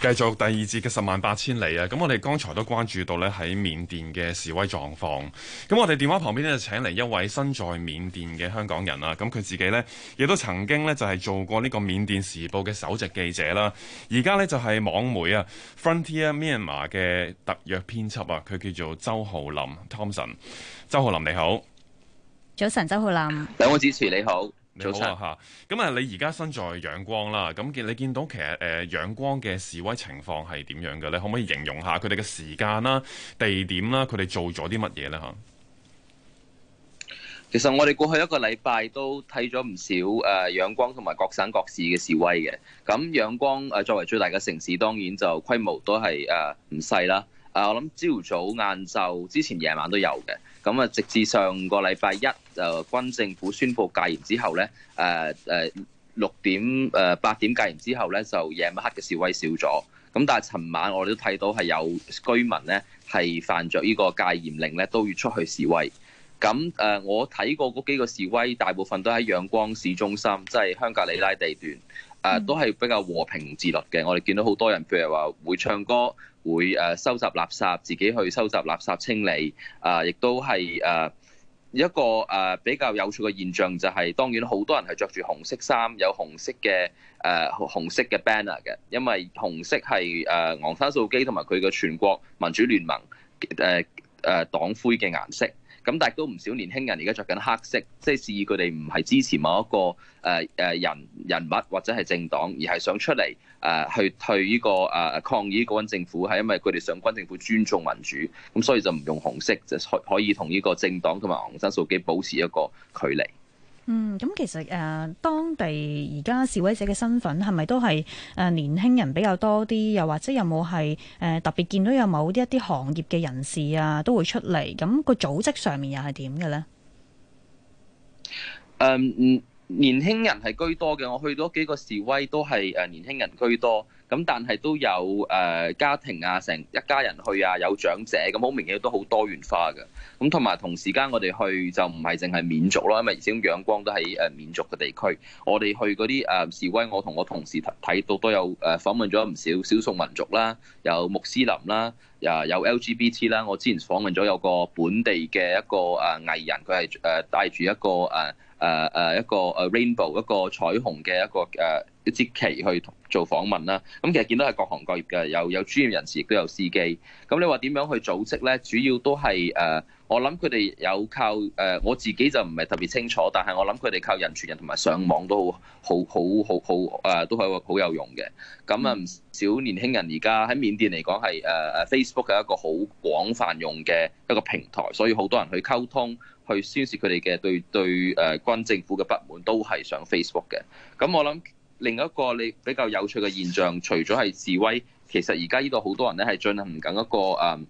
繼續第二節嘅十萬八千里啊！咁我哋剛才都關注到呢喺緬甸嘅示威狀況。咁我哋電話旁邊呢，就請嚟一位身在緬甸嘅香港人啊！咁佢自己呢，亦都曾經呢，就係做過呢個《緬甸時報》嘅首席記者啦。而家呢，就係網媒啊《Frontier Myanmar》嘅特約編輯啊，佢叫做周浩霖 Thompson。周浩霖你好，早晨，周浩霖，兩位主持你好。你好啊！哈，咁啊，你而家身在仰光啦，咁見你見到其實誒仰、呃、光嘅示威情況係點樣嘅咧？可唔可以形容下佢哋嘅時間啦、啊、地點啦、啊，佢哋做咗啲乜嘢咧？哈，其實我哋過去一個禮拜都睇咗唔少誒仰、呃、光同埋各省各市嘅示威嘅，咁仰光誒作為最大嘅城市，當然就規模都係誒唔細啦。啊，我諗朝早、晏晝、之前、夜晚都有嘅。咁啊，直至上個禮拜一就軍政府宣布戒嚴之後咧，誒六點八點戒嚴之後咧，就夜晚黑嘅示威少咗。咁但係尋晚我哋都睇到係有居民咧係犯咗呢個戒嚴令咧都要出去示威。咁我睇過嗰幾個示威，大部分都喺仰光市中心，即係香格里拉地段。誒都係比較和平自律嘅。我哋見到好多人，譬如話會唱歌，會誒收集垃圾，自己去收集垃圾清理。啊，亦都係誒一個誒比較有趣嘅現象，就係當然好多人係着住紅色衫，有紅色嘅誒紅色嘅 banner 嘅，因為紅色係誒昂山素姬同埋佢嘅全國民主聯盟誒誒黨徽嘅顏色。咁但係都唔少年輕人而家着緊黑色，即係示意佢哋唔係支持某一個人人物或者係政黨，而係想出嚟誒去退呢個抗議呢個軍政府，係因為佢哋想軍政府尊重民主，咁所以就唔用紅色，就可可以同呢個政黨同埋昂山素姬保持一個距離。嗯，咁其實誒、啊、當地而家示威者嘅身份係咪都係誒、啊、年輕人比較多啲？又或者有冇係誒特別見到有某啲一啲行業嘅人士啊都會出嚟？咁個組織上面又係點嘅呢？誒、嗯，年輕人係居多嘅。我去咗幾個示威都係誒年輕人居多。咁但係都有誒家庭啊，成一家人去啊，有長者咁，好明顯都好多元化嘅。咁同埋同時間，我哋去就唔係淨係緬族咯，因為始終仰光都喺誒緬族嘅地區。我哋去嗰啲誒示威，我同我同事睇到都有誒訪問咗唔少少數民族啦，有穆斯林啦，有 LGBT 啦。我之前訪問咗有個本地嘅一個誒藝人，佢係誒戴住一個誒。誒一個 rainbow 一個彩虹嘅一個誒一支旗去做訪問啦，咁其實見到係各行各業嘅，有有專業人士亦都有司機，咁你話點樣去組織咧？主要都係誒，我諗佢哋有靠誒，我自己就唔係特別清楚，但係我諗佢哋靠人傳人同埋上網都好好好好好誒，都係好有用嘅。咁啊，唔少年輕人而家喺緬甸嚟講係誒 Facebook 係一個好廣泛用嘅一個平台，所以好多人去溝通。去宣泄佢哋嘅對對誒軍政府嘅不滿，都係上 Facebook 嘅。咁我諗另一個你比較有趣嘅現象，除咗係示威，其實而家呢度好多人咧係進行緊一個誒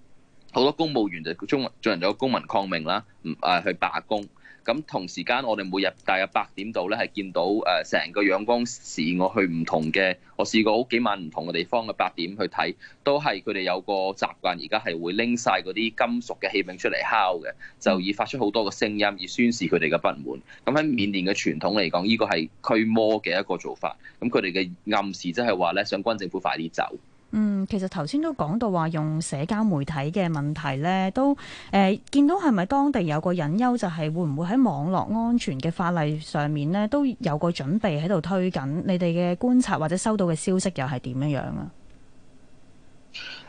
好多公務員就中進行咗公民抗命啦，唔誒去罷工，咁同時間，我哋每日大約八點度咧，係見到成個仰光市。我去唔同嘅，我試過好幾晚唔同嘅地方嘅八點去睇，都係佢哋有個習慣，而家係會拎晒嗰啲金屬嘅器皿出嚟敲嘅，就以發出好多嘅聲音，以宣示佢哋嘅不滿。咁喺緬甸嘅傳統嚟講，呢個係驅魔嘅一個做法。咁佢哋嘅暗示即係話咧，想軍政府快啲走。嗯，其實頭先都講到話用社交媒體嘅問題呢，都誒、呃、見到係咪當地有個隱憂，就係會唔會喺網絡安全嘅法例上面呢，都有個準備喺度推緊？你哋嘅觀察或者收到嘅消息又係點樣樣啊？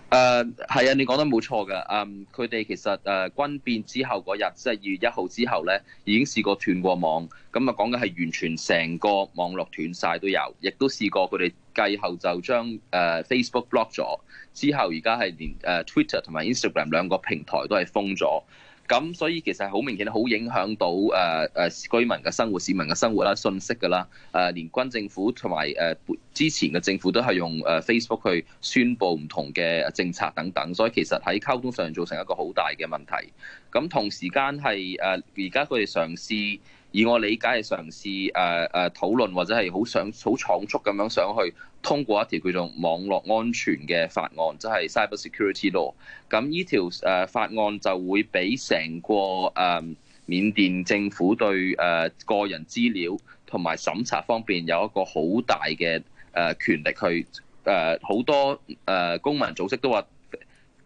誒係啊，你講得冇錯噶。誒，佢哋其實誒、uh, 軍變之後嗰、就是、日，即係二月一號之後咧，已經試過斷過網。咁啊，講嘅係完全成個網絡斷晒都有，亦都試過佢哋繼後就將誒、uh, Facebook block 咗。之後而家係連誒、uh, Twitter 同埋 Instagram 兩個平台都係封咗。咁所以其實好明顯，好影響到居民嘅生活、市民嘅生活啦、信息㗎啦。誒連軍政府同埋之前嘅政府都係用 Facebook 去宣佈唔同嘅政策等等，所以其實喺溝通上造成一個好大嘅問題。咁同時間係誒而家佢哋嘗試，以我理解嘅嘗試誒誒討論或者係好想好倉促咁樣上去通過一條叫做網絡安全嘅法案，即係 Cyber Security Law。咁呢條誒法案就會俾成個誒緬甸政府對個人資料同埋審查方面有一個好大嘅誒權力去誒好多誒公民組織都話。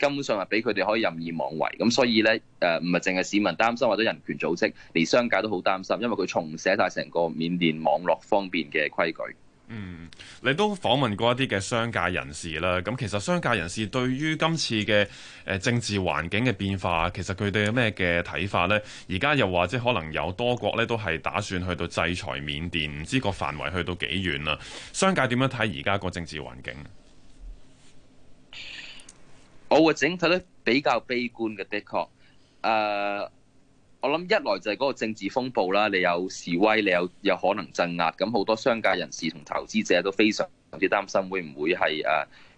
根本上係俾佢哋可以任意妄為，咁所以呢，誒唔係淨係市民擔心，或者人權組織，連商界都好擔心，因為佢重寫曬成個緬甸網絡方面嘅規矩。嗯，你都訪問過一啲嘅商界人士啦。咁其實商界人士對於今次嘅誒政治環境嘅變化，其實佢哋有咩嘅睇法呢？而家又話即可能有多國咧都係打算去到制裁緬甸，唔知個範圍去到幾遠啦。商界點樣睇而家個政治環境？我會整體呢比較悲觀嘅，的確。誒、uh，我諗一來就係嗰個政治風暴啦，你有示威，你有有可能鎮壓，咁好多商界人士同投資者都非常之擔心，會唔會係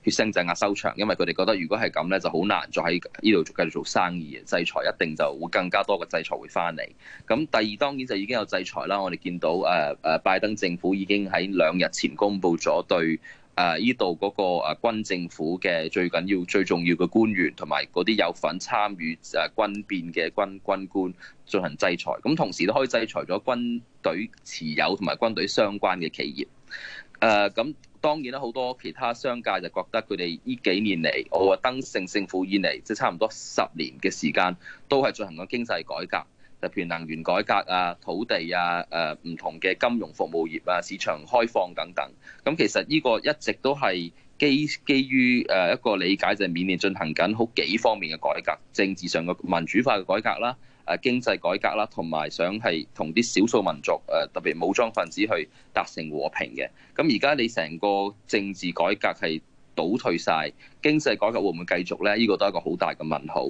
誒血腥鎮壓收場？因為佢哋覺得如果係咁咧，就好難再喺呢度繼續做生意嘅。制裁一定就會更加多嘅制裁會翻嚟。咁第二當然就已經有制裁啦，我哋見到誒誒拜登政府已經喺兩日前公布咗對。誒呢度嗰個誒軍政府嘅最緊要最重要嘅官員，同埋嗰啲有份參與誒軍變嘅軍軍官進行制裁，咁同時都可以制裁咗軍隊持有同埋軍隊相關嘅企業。誒、啊、咁當然啦，好多其他商界就覺得佢哋呢幾年嚟，我話登勝政府以嚟，即、就是、差唔多十年嘅時間，都係進行緊經濟改革。譬如能源改革啊、土地啊、誒唔同嘅金融服務業啊、市場開放等等，咁其實呢個一直都係基基於誒一個理解，就係緬甸進行緊好幾方面嘅改革，政治上嘅民主化嘅改革啦、誒經濟改革啦，同埋想係同啲少數民族誒特別武裝分子去達成和平嘅。咁而家你成個政治改革係倒退晒，經濟改革會唔會繼續呢？呢個都係一個好大嘅問號。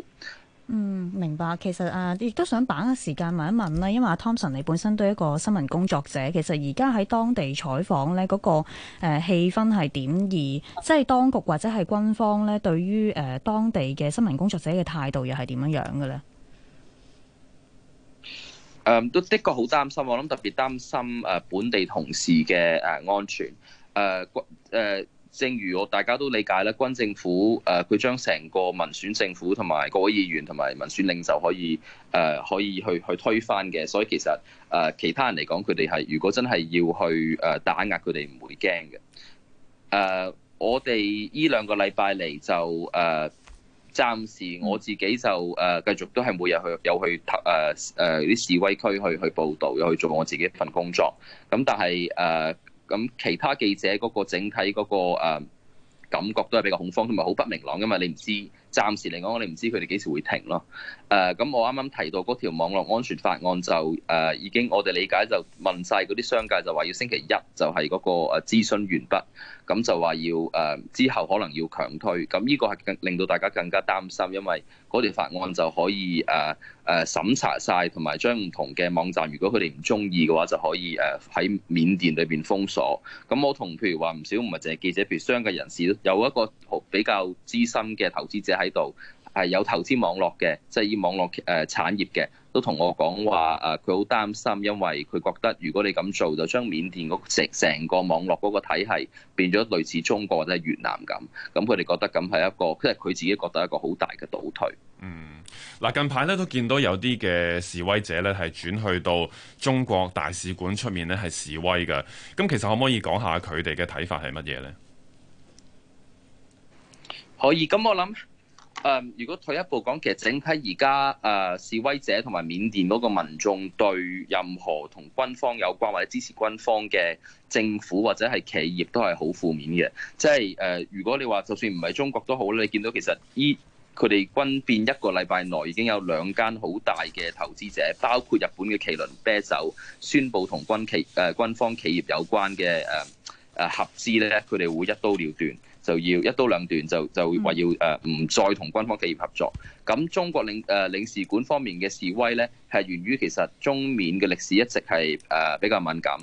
嗯，明白。其實啊，亦都想把握時間問一問啦，因為阿湯臣你本身都係一個新聞工作者，其實而家喺當地採訪呢嗰、那個誒氣、呃、氛係點？而即係當局或者係軍方呢，對於誒、呃、當地嘅新聞工作者嘅態度又係點樣樣嘅呢？誒、嗯，都的確好擔心，我諗特別擔心誒本地同事嘅誒安全誒誒。呃呃正如我大家都理解啦，軍政府誒佢將成個民選政府同埋各位議員同埋民選領袖可以誒可以去去推翻嘅，所以其實誒其他人嚟講，佢哋係如果真係要去誒打壓佢哋，唔會驚嘅。誒，我哋呢兩個禮拜嚟就誒，暫時我自己就誒繼續都係每日去有去誒誒啲示威區去去報道，又去做我自己份工作。咁但係誒。咁其他記者嗰個整體嗰個誒感覺都係比較恐慌，同埋好不明朗噶嘛，你唔知暫時嚟講，你唔知佢哋幾時會停咯、啊。誒、啊，咁我啱啱提到嗰條網絡安全法案就誒、啊，已經我哋理解了就問晒嗰啲商界就話要星期一就係嗰個誒諮詢完畢，咁就話要誒、啊、之後可能要強推。咁呢個係令到大家更加擔心，因為嗰條法案就可以誒誒、啊啊、審查晒，不同埋將唔同嘅網站，如果佢哋唔中意嘅話，就可以誒喺緬甸裏邊封鎖。咁我同譬如話唔少唔係淨係記者，譬如商界人士咯。有一個比較資深嘅投資者喺度，係有投資網絡嘅，即係以網絡誒產業嘅，都同我講話誒，佢好擔心，因為佢覺得如果你咁做，就將緬甸成成個網絡嗰個體系變咗類似中國或者越南咁。咁佢哋覺得咁係一個，即係佢自己覺得一個好大嘅倒退。嗯，嗱近排咧都見到有啲嘅示威者咧係轉去到中國大使館出面咧係示威㗎。咁其實可唔可以講下佢哋嘅睇法係乜嘢咧？可以，咁我諗，誒、嗯，如果退一步講，其實整體而家誒示威者同埋緬甸嗰個民眾對任何同軍方有關或者支持軍方嘅政府或者係企業都係好負面嘅，即係誒，如果你話就算唔係中國都好，你見到其實依佢哋軍變一個禮拜內已經有兩間好大嘅投資者，包括日本嘅麒麟啤酒宣布同軍企誒、呃、軍方企業有關嘅誒誒合資咧，佢哋會一刀了斷。就要一刀兩斷，就就話要誒唔再同軍方企業合作。咁中國領誒領事館方面嘅示威呢，係源於其實中緬嘅歷史一直係誒比較敏感。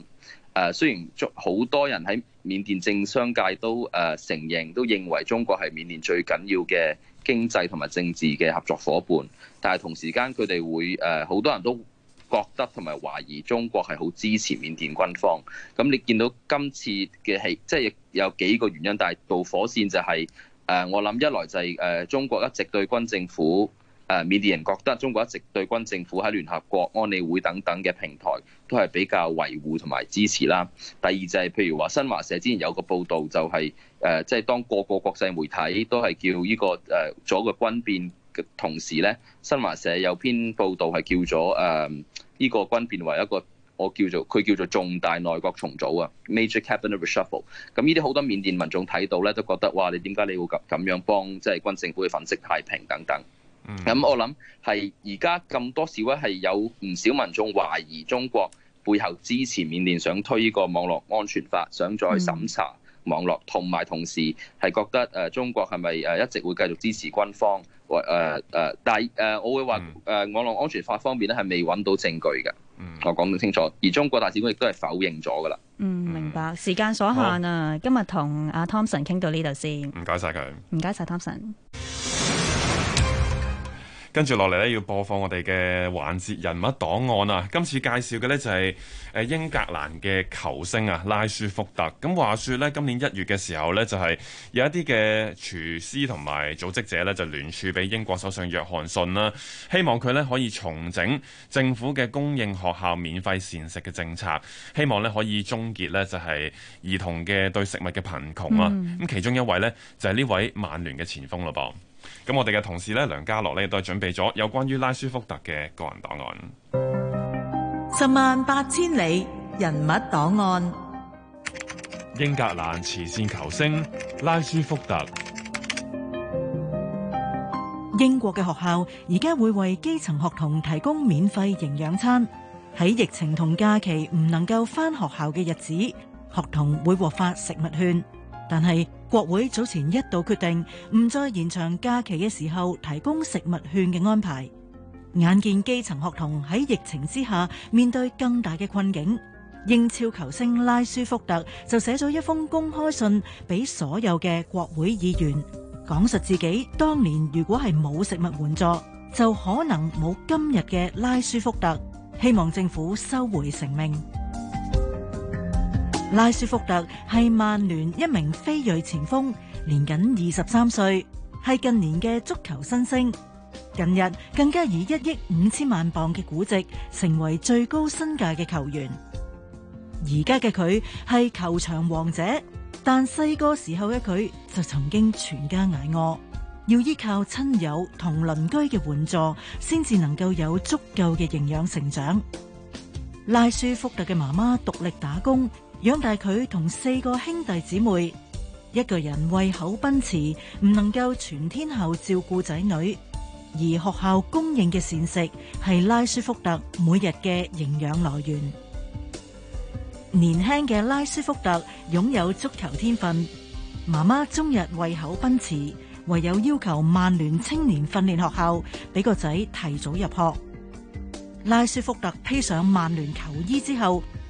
誒雖然中好多人喺緬甸政商界都誒承認，都認為中國係緬甸最緊要嘅經濟同埋政治嘅合作伙伴，但係同時間佢哋會誒好多人都。覺得同埋懷疑中國係好支持緬甸軍方，咁你見到今次嘅係即係有幾個原因，但係導火線就係誒我諗一來就係誒中國一直對軍政府誒緬甸人覺得中國一直對軍政府喺聯合國安理會等等嘅平台都係比較維護同埋支持啦。第二就係譬如話新華社之前有個報導就係誒即係當個個國際媒體都係叫呢個誒左個軍變。嘅同時咧，新華社有篇報道係叫咗誒，依、嗯這個軍變為一個我叫做佢叫做重大內閣重組啊，Major Cabinet Reshuffle、嗯。咁呢啲好多緬甸民眾睇到咧，都覺得哇，你點解你會咁咁樣幫即係、就是、軍政府嘅粉飾太平等等。咁、嗯嗯嗯、我諗係而家咁多示威係有唔少民眾懷疑中國背後支持緬甸想推依個網絡安全法，想再審查。嗯網絡同埋同時係覺得、啊、中國係咪、啊、一直會繼續支持軍方或、啊啊啊、但係、啊、我會話誒、嗯啊、網絡安全法方面咧係未揾到證據嘅、嗯，我講得清楚。而中國大使館亦都係否認咗㗎喇。嗯，明白。時間所限啊，今日同阿、啊、Thompson 傾到呢度先。唔該晒佢。唔該晒 Thompson。跟住落嚟咧，要播放我哋嘅環節人物檔案啊！今次介紹嘅呢就係英格蘭嘅球星啊，拉舒福特。咁話說呢今年一月嘅時候呢，就係有一啲嘅廚師同埋組織者呢就聯署俾英國首相約翰遜啦，希望佢呢可以重整政府嘅供應學校免費膳食嘅政策，希望呢可以終結呢就係兒童嘅對食物嘅貧窮啊！咁、嗯、其中一位呢，就係呢位曼聯嘅前鋒嘞噃。咁我哋嘅同事咧，梁家樂咧都準備咗有關於拉舒福特嘅個人檔案。十萬八千里人物檔案，英格蘭慈善球星拉舒福特。英國嘅學校而家會為基層學童提供免費營養餐。喺疫情同假期唔能夠翻學校嘅日子，學童會獲發食物券。但係國會早前一度決定唔再延長假期嘅時候提供食物券嘅安排，眼見基層學童喺疫情之下面對更大嘅困境，英超球星拉舒福特就寫咗一封公開信俾所有嘅國會議員，講述自己當年如果係冇食物援助，就可能冇今日嘅拉舒福特，希望政府收回成命。拉舒福特係曼聯一名非裔前鋒，年僅二十三歲，係近年嘅足球新星。近日更加以一億五千萬鎊嘅估值成為最高身價嘅球員。而家嘅佢係球場王者，但細個時候嘅佢就曾經全家捱餓，要依靠親友同鄰居嘅援助先至能夠有足夠嘅營養成長。拉舒福特嘅媽媽獨力打工。養大佢同四個兄弟姊妹，一個人為口奔馳，唔能夠全天候照顧仔女，而學校供應嘅膳食係拉舒福特每日嘅營養來源。年輕嘅拉舒福特擁有足球天分，媽媽終日為口奔馳，唯有要求曼聯青年訓練學校俾個仔提早入學。拉舒福特披上曼聯球衣之後。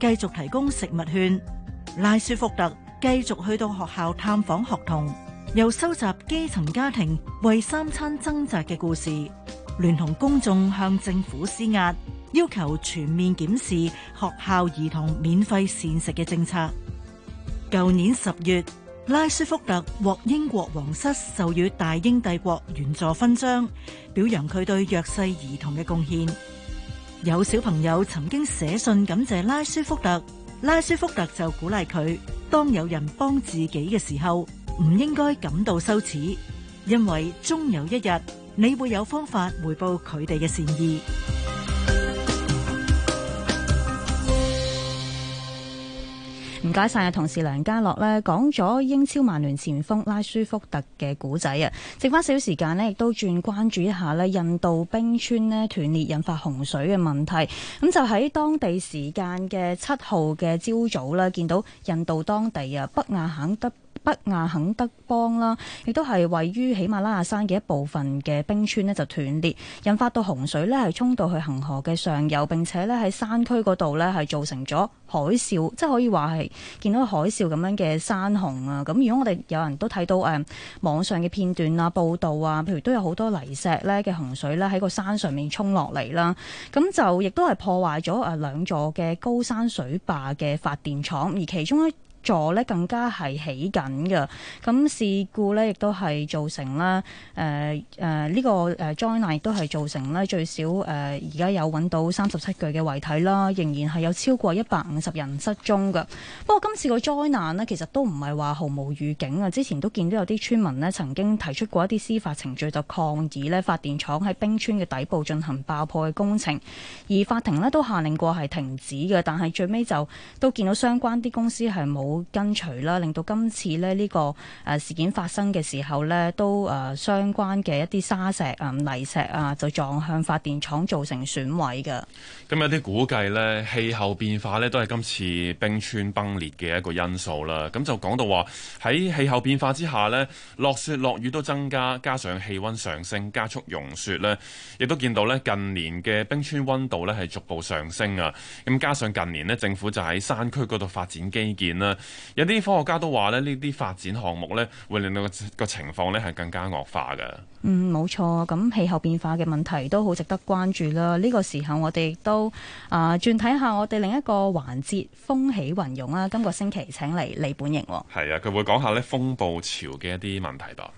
繼續提供食物券，拉舒福特繼續去到學校探訪學童，又收集基層家庭為三餐掙扎嘅故事，聯同公眾向政府施壓，要求全面檢視學校兒童免費膳食嘅政策。舊年十月，拉舒福特獲英國皇室授予大英帝國員佐勳章，表揚佢對弱勢兒童嘅貢獻。有小朋友曾經寫信感謝拉舒福特，拉舒福特就鼓勵佢：當有人幫自己嘅時候，唔應該感到羞恥，因為終有一日你會有方法回報佢哋嘅善意。唔該曬，同事梁家樂呢講咗英超曼聯前鋒拉舒福特嘅古仔啊，剩翻少少時間呢亦都轉關注一下呢印度冰川呢斷裂引發洪水嘅問題。咁就喺當地時間嘅七號嘅朝早呢，見到印度當地啊北亞肯德。北亞肯德邦啦，亦都係位於喜馬拉雅山嘅一部分嘅冰川呢，就斷裂，引發到洪水呢，係沖到去恒河嘅上游，並且呢，喺山區嗰度呢，係造成咗海嘯，即係可以話係見到海嘯咁樣嘅山洪啊！咁如果我哋有人都睇到誒網上嘅片段啊、報道啊，譬如都有好多泥石呢嘅洪水呢，喺個山上面沖落嚟啦，咁就亦都係破壞咗誒兩座嘅高山水壩嘅發電廠，而其中一助呢更加係起緊嘅，咁事故呢亦都係造成啦，誒誒呢個誒災難亦都係造成呢最少誒而家有搵到三十七具嘅遺體啦，仍然係有超過一百五十人失蹤嘅。不過今次個災難呢其實都唔係話毫無預警啊！之前都見到有啲村民呢曾經提出過一啲司法程序就抗議呢發電廠喺冰川嘅底部進行爆破嘅工程，而法庭呢都下令過係停止嘅，但係最尾就都見到相關啲公司係冇。跟隨啦，令到今次呢呢個誒事件發生嘅時候呢，都誒、呃、相關嘅一啲沙石啊、泥石啊，就撞向發電廠，造成損毀嘅。咁有啲估計呢，氣候變化呢，都係今次冰川崩裂嘅一個因素啦。咁就講到話喺氣候變化之下呢，落雪落雨都增加，加上氣溫上升加速融雪呢，亦都見到呢近年嘅冰川溫度呢，係逐步上升啊。咁加上近年呢，政府就喺山區嗰度發展基建啦、啊。有啲科學家都話咧，呢啲發展項目咧，會令到個情況咧係更加惡化嘅。嗯，冇錯，咁氣候變化嘅問題都好值得關注啦。呢個時候我哋都啊轉睇下我哋另一個環節，風起雲湧啊。今個星期請嚟李本瀅，係啊，佢會講下呢風暴潮嘅一啲問題噃。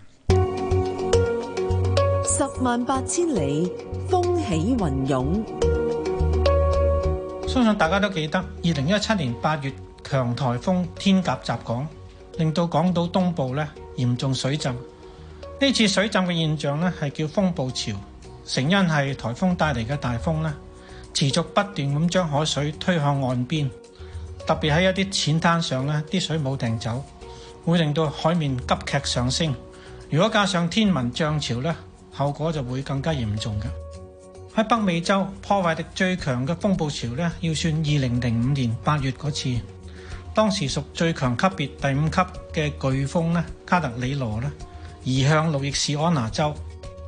十萬八千里，風起雲湧。相信大家都記得二零一七年八月。強颱風天鴿襲港，令到港島東部咧嚴重水浸。呢次水浸嘅現象咧係叫風暴潮，成因係颱風帶嚟嘅大風咧持續不斷咁將海水推向岸邊，特別喺一啲淺灘上咧啲水冇停走，會令到海面急劇上升。如果加上天文漲潮咧，後果就會更加嚴重嘅。喺北美洲破壞力最強嘅風暴潮咧，要算二零零五年八月嗰次。當時屬最強級別第五級嘅颶風卡特里羅咧移向路易士安那州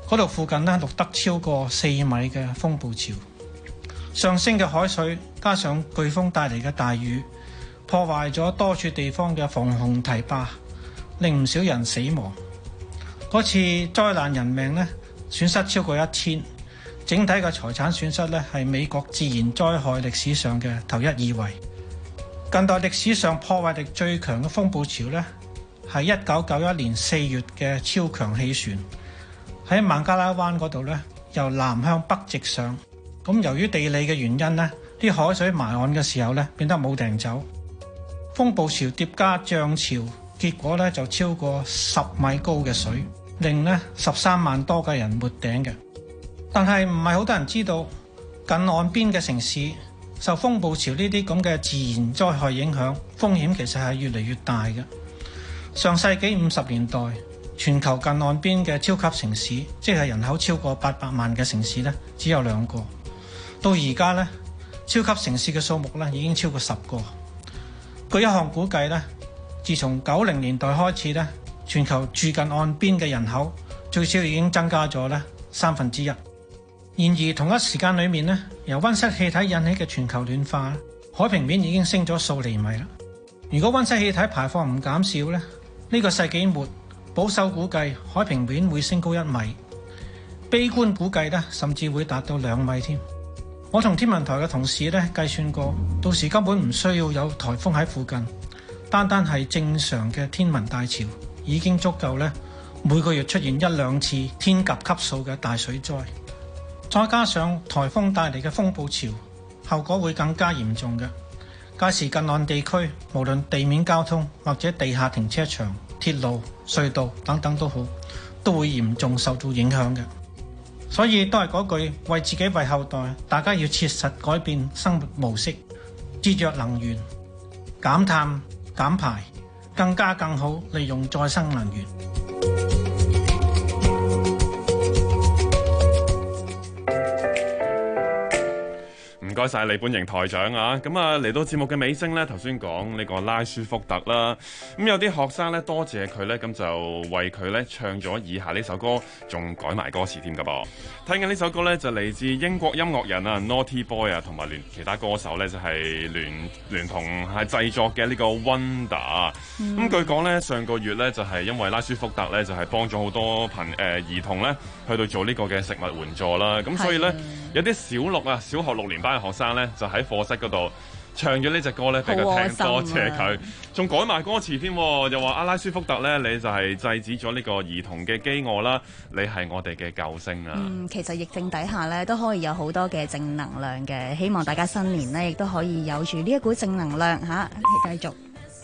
嗰度附近咧，錄得超過四米嘅風暴潮，上升嘅海水加上颶風帶嚟嘅大雨，破壞咗多處地方嘅防洪堤壩，令唔少人死亡。嗰次災難人命咧損失超過一千，整體嘅財產損失咧係美國自然災害歷史上嘅頭一二位。近代歷史上破壞力最強嘅風暴潮呢，係一九九一年四月嘅超強氣旋，喺孟加拉灣嗰度呢，由南向北直上。咁由於地理嘅原因呢，啲海水埋岸嘅時候呢，變得冇埞走。風暴潮疊加漲潮，結果呢就超過十米高嘅水，令呢十三萬多嘅人沒頂嘅。但係唔係好多人知道近岸邊嘅城市受風暴潮呢啲咁嘅自然災害影響，風險其實係越嚟越大嘅。上世紀五十年代，全球近岸邊嘅超級城市，即係人口超過八百萬嘅城市呢，只有兩個。到而家呢，超級城市嘅數目呢已經超過十個。據一項估計呢，自從九零年代開始呢，全球住近岸邊嘅人口最少已經增加咗呢三分之一。然而同一時間裏面呢，由溫室氣體引起嘅全球暖化，海平面已經升咗數厘米啦。如果溫室氣體排放唔減少呢，呢個世紀末保守估計海平面會升高一米，悲觀估計呢甚至會達到兩米添。我同天文台嘅同事呢計算過，到時根本唔需要有颱風喺附近，單單係正常嘅天文大潮已經足夠呢，每個月出現一兩次天鴿級數嘅大水災。再加上颱風帶嚟嘅風暴潮，後果會更加嚴重嘅。屆時近岸地區無論地面交通或者地下停車場、鐵路、隧道等等都好，都會嚴重受到影響嘅。所以都係嗰句，為自己為後代，大家要切實改變生活模式，節約能源，減碳減排，更加更好利用再生能源。唔該晒李本瀅台長啊！咁啊嚟到節目嘅尾聲咧，頭先講呢個拉舒福特啦，咁有啲學生咧多謝佢咧，咁就為佢咧唱咗以下呢首歌，仲改埋歌詞添噶噃。聽緊呢首歌咧，就嚟自英國音樂人啊、mm -hmm. Naughty Boy 啊，同埋連其他歌手咧就係、是、聯聯，聯同係製作嘅呢個 Wonder、mm。咁 -hmm. 據講咧，上個月咧就係、是、因為拉舒福特咧就係、是、幫咗好多貧誒兒童咧去到做呢個嘅食物援助啦，咁所以咧、mm -hmm. 有啲小六啊，小學六年班。學生咧就喺課室嗰度唱咗呢隻歌咧，俾佢聽歌、啊、多謝佢，仲改埋歌詞添，又話阿拉舒福特咧，你就係制止咗呢個兒童嘅飢餓啦，你係我哋嘅救星啊！嗯，其實疫症底下咧都可以有好多嘅正能量嘅，希望大家新年呢，亦都可以有住呢一股正能量嚇、啊，繼續。